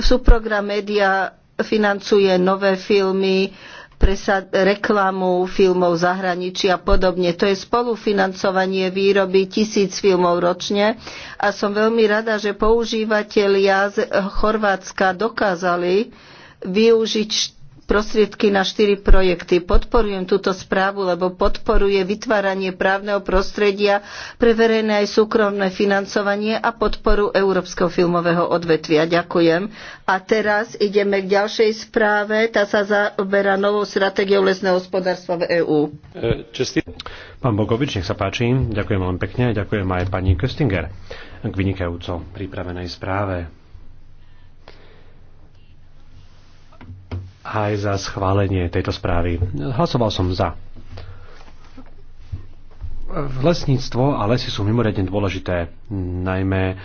Speaker 6: Subprogram Media financuje nové filmy, presad, reklamu filmov zahraničí a podobne. To je spolufinancovanie výroby tisíc filmov ročne a som veľmi rada, že používatelia z Chorvátska dokázali využiť prostriedky na štyri projekty. Podporujem túto správu, lebo podporuje vytváranie právneho prostredia pre verejné aj súkromné financovanie a podporu európskeho filmového odvetvia. Ďakujem. A teraz ideme k ďalšej správe. Tá sa zaoberá novou stratégiou lesného hospodárstva v EÚ.
Speaker 2: Pán Bogovič, nech sa páči. Ďakujem veľmi pekne ďakujem aj pani Köstinger k vynikajúco pripravenej správe. aj za schválenie tejto správy. Hlasoval som za. Lesníctvo a lesy sú mimoriadne dôležité, najmä e,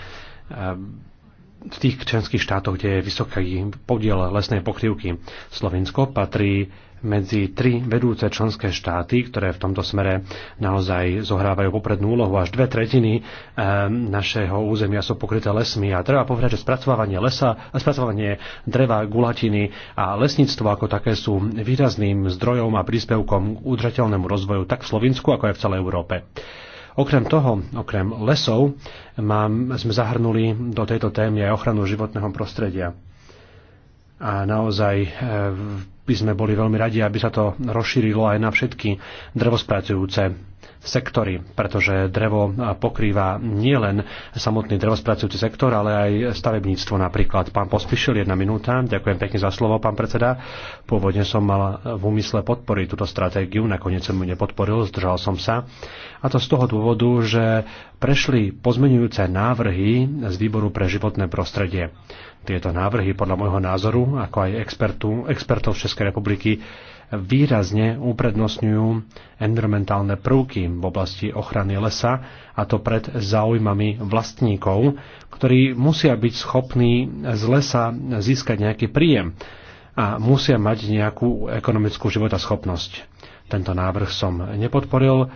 Speaker 2: v tých členských štátoch, kde je vysoký podiel lesnej pokrývky. Slovensko patrí medzi tri vedúce členské štáty, ktoré v tomto smere naozaj zohrávajú poprednú úlohu. Až dve tretiny eh, našeho územia sú pokryté lesmi a treba povedať, že spracovávanie lesa, spracovávanie dreva, gulatiny a lesníctvo ako také sú výrazným zdrojom a príspevkom k udržateľnému rozvoju tak v Slovensku, ako aj v celej Európe. Okrem toho, okrem lesov, mám, sme zahrnuli do tejto témy aj ochranu životného prostredia a naozaj e, by sme boli veľmi radi, aby sa to rozšírilo aj na všetky drevospracujúce sektory, pretože drevo pokrýva nielen samotný drevospracujúci sektor, ale aj stavebníctvo napríklad. Pán Pospišil, jedna minúta. Ďakujem pekne za slovo, pán predseda. Pôvodne som mal v úmysle podporiť túto stratégiu, nakoniec som ju nepodporil, zdržal som sa. A to z toho dôvodu, že prešli pozmenujúce návrhy z výboru pre životné prostredie. Tieto návrhy podľa môjho názoru, ako aj expertu, expertov z Českej republiky, výrazne uprednostňujú environmentálne prvky v oblasti ochrany lesa, a to pred záujmami vlastníkov, ktorí musia byť schopní z lesa získať nejaký príjem a musia mať nejakú ekonomickú životaschopnosť. Tento návrh som nepodporil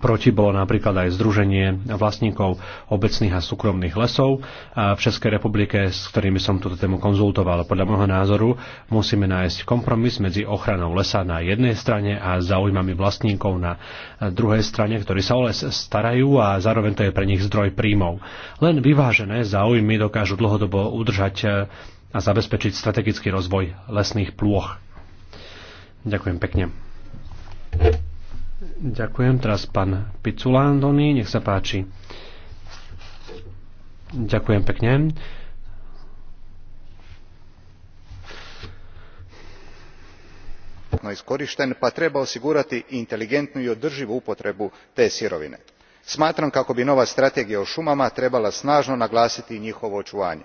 Speaker 2: Proti bolo napríklad aj Združenie vlastníkov obecných a súkromných lesov v Českej republike, s ktorými som túto tému konzultoval. Podľa môjho názoru musíme nájsť kompromis medzi ochranou lesa na jednej strane a záujmami vlastníkov na druhej strane, ktorí sa o les starajú a zároveň to je pre nich zdroj príjmov. Len vyvážené záujmy dokážu dlhodobo udržať e, a zabezpečiť strategický rozvoj lesných plôch. Ďakujem pekne. Ďakujem. Teraz pán Piculándony, nech sa páči. Ďakujem pekne. No iskorišten pa treba osigurati inteligentnu i održivu upotrebu te sirovine. smatram kako bi nova strategija o šumama trebala snažno naglasiti njihovo očuvanje.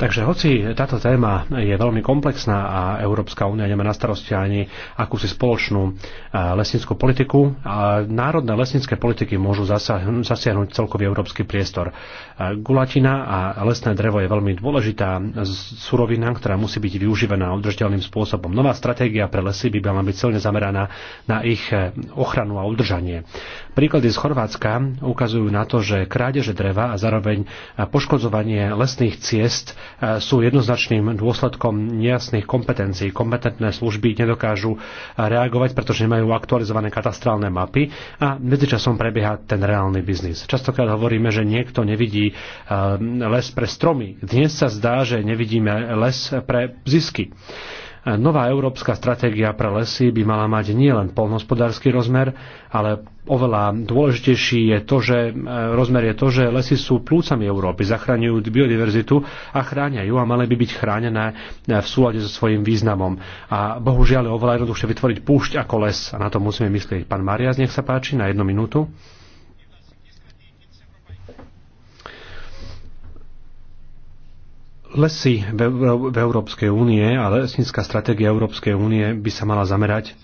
Speaker 2: Takže hoci táto téma je veľmi komplexná a Európska únia nemá na starosti ani akúsi spoločnú e, lesnickú politiku, a národné lesnické politiky môžu zasiahnuť celkový európsky priestor. E, gulatina a lesné drevo je veľmi dôležitá surovina, ktorá musí byť využívaná udržateľným spôsobom. Nová stratégia pre lesy by mala byť silne zameraná na ich e, ochranu a udržanie. Príklady z Chorvátska ukazujú na to, že krádeže dreva a zároveň poškodzovanie lesných ciest E, sú jednoznačným dôsledkom nejasných kompetencií. Kompetentné služby nedokážu e, reagovať, pretože nemajú aktualizované katastrálne mapy a medzičasom prebieha ten reálny biznis. Častokrát hovoríme, že niekto nevidí e, les pre stromy. Dnes sa zdá, že nevidíme les pre zisky. Nová európska stratégia pre lesy by mala mať nielen poľnohospodársky rozmer, ale oveľa dôležitejší je to, že e, rozmer je to, že lesy sú plúcami Európy, zachraňujú biodiverzitu a chránia ju a mali by byť chránené e, v súlade so svojím významom. A bohužiaľ je oveľa jednoduchšie vytvoriť púšť ako les a na to musíme myslieť. Pán Marias, nech sa páči, na jednu minútu. Lesy v Európskej únie a lesnícka stratégia Európskej únie by sa mala zamerať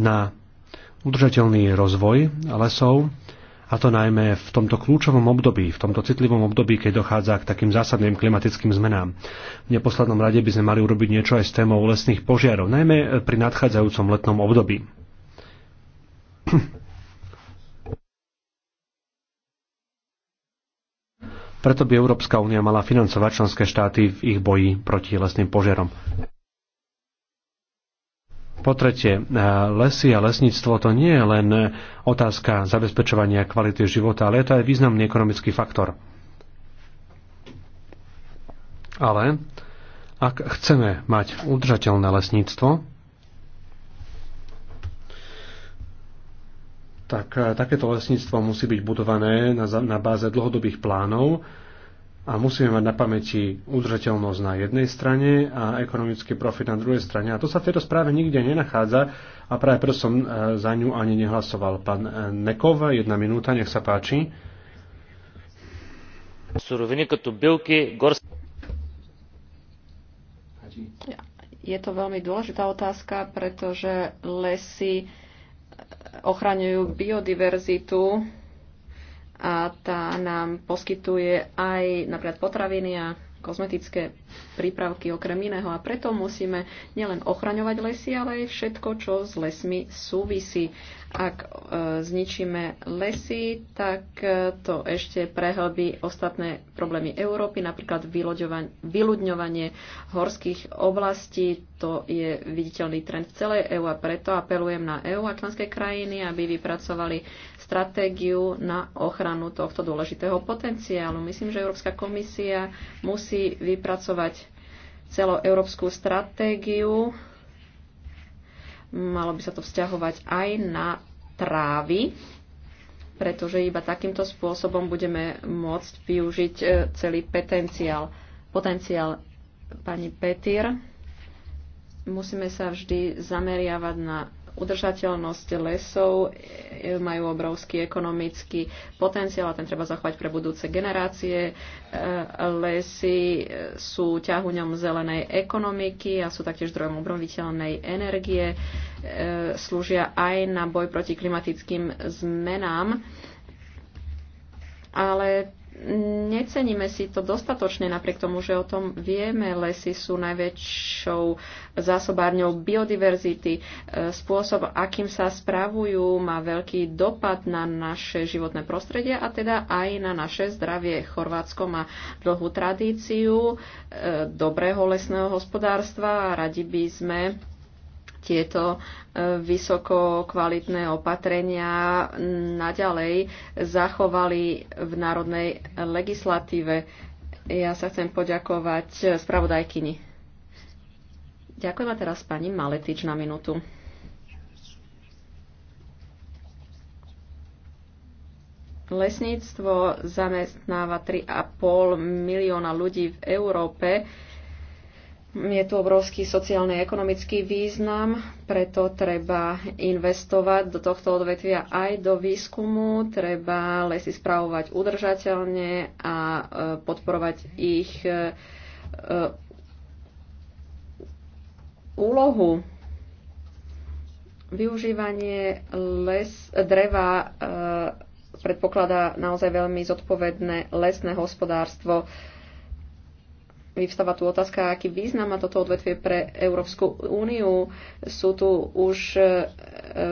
Speaker 2: na udržateľný rozvoj lesov, a to najmä v tomto kľúčovom období, v tomto citlivom období, keď dochádza k takým zásadným klimatickým zmenám. V neposlednom rade by sme mali urobiť niečo aj s témou lesných požiarov, najmä pri nadchádzajúcom letnom období. Preto by Európska únia mala financovať členské štáty v ich boji proti lesným požiarom. Po tretie, e, lesy a lesníctvo to nie je len otázka zabezpečovania kvality života, ale je to aj významný ekonomický faktor. Ale ak chceme mať udržateľné lesníctvo, tak eh, takéto lesníctvo musí byť budované na, na báze dlhodobých plánov a musíme mať na pamäti udržateľnosť na jednej strane a ekonomický profit na druhej strane. A to sa v tejto správe nikde nenachádza a práve preto som eh, za ňu ani nehlasoval. Pán eh, Nekov, jedna minúta, nech sa páči.
Speaker 3: Suroviny ako bylky,
Speaker 5: Je to veľmi dôležitá otázka, pretože lesy ochraňujú biodiverzitu a tá nám poskytuje aj napríklad potraviny a kozmetické prípravky okrem iného a preto musíme nielen ochraňovať lesy, ale aj všetko, čo s lesmi súvisí. Ak e, zničíme lesy, tak e, to ešte prehlbí ostatné problémy Európy, napríklad vyľudňovanie horských oblastí. To je viditeľný trend v celej EÚ a preto apelujem na EÚ a členské krajiny, aby vypracovali stratégiu na ochranu tohto dôležitého potenciálu. Myslím, že Európska komisia musí vypracovať celoeurópsku stratégiu Malo by sa to vzťahovať aj na trávy, pretože iba takýmto spôsobom budeme môcť využiť e, celý potenciál. Potenciál pani Petir. Musíme sa vždy zameriavať na Udržateľnosť lesov e, majú obrovský ekonomický potenciál a ten treba zachovať pre budúce generácie. E, lesy e, sú ťahuňom zelenej ekonomiky a sú taktiež zdrojom obnoviteľnej energie. Slúžia aj na boj proti klimatickým zmenám ale neceníme si to dostatočne, napriek tomu, že o tom vieme. Lesy sú najväčšou zásobárňou biodiverzity. E, spôsob, akým sa spravujú, má veľký dopad na naše životné prostredie a teda aj na naše zdravie. Chorvátsko má dlhú tradíciu e, dobrého lesného hospodárstva a radi by sme tieto e, vysoko kvalitné opatrenia naďalej zachovali v národnej legislatíve. Ja sa chcem poďakovať spravodajkyni. Ďakujem a teraz pani Maletič na minútu. Lesníctvo zamestnáva 3,5 milióna ľudí v Európe je tu obrovský sociálny a ekonomický význam, preto treba investovať do tohto odvetvia aj do výskumu, treba lesy spravovať udržateľne a e, podporovať ich e, e, úlohu. Využívanie les, dreva predpokladá naozaj veľmi zodpovedné lesné hospodárstvo vyvstáva tu otázka, aký význam má toto odvetvie pre Európsku úniu. Sú tu už e, e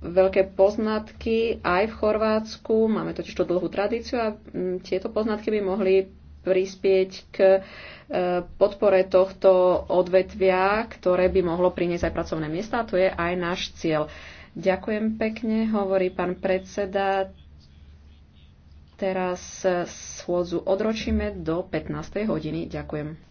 Speaker 5: veľké poznatky aj v Chorvátsku, máme totiž tú dlhú tradíciu a m, tieto poznatky by mohli prispieť k e, podpore tohto odvetvia, ktoré by mohlo priniesť aj pracovné miesta a to je aj náš cieľ. Ďakujem pekne, hovorí pán predseda. Teraz eh, schôdzu odročíme do 15. hodiny. Ďakujem.